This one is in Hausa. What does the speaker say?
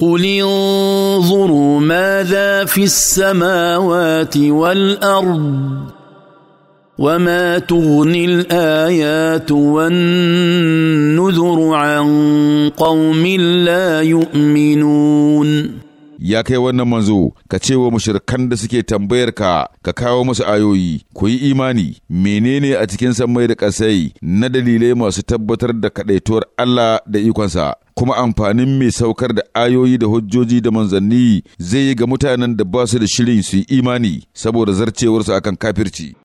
قل انظروا ماذا في السماوات والارض وما تغني الايات والنذر عن قوم لا يؤمنون ya kai wannan manzo ka ce wa mushrikan da suke tambayar ka ka kawo musu ayoyi ku yi imani menene a cikin sammai da ƙasai na dalilai masu tabbatar da kaɗaituwar Allah da ikonsa kuma amfanin mai saukar da ayoyi da hujjoji da manzanni zai yi ga mutanen da ba su da shirin su yi imani saboda zarcewarsu akan kafirci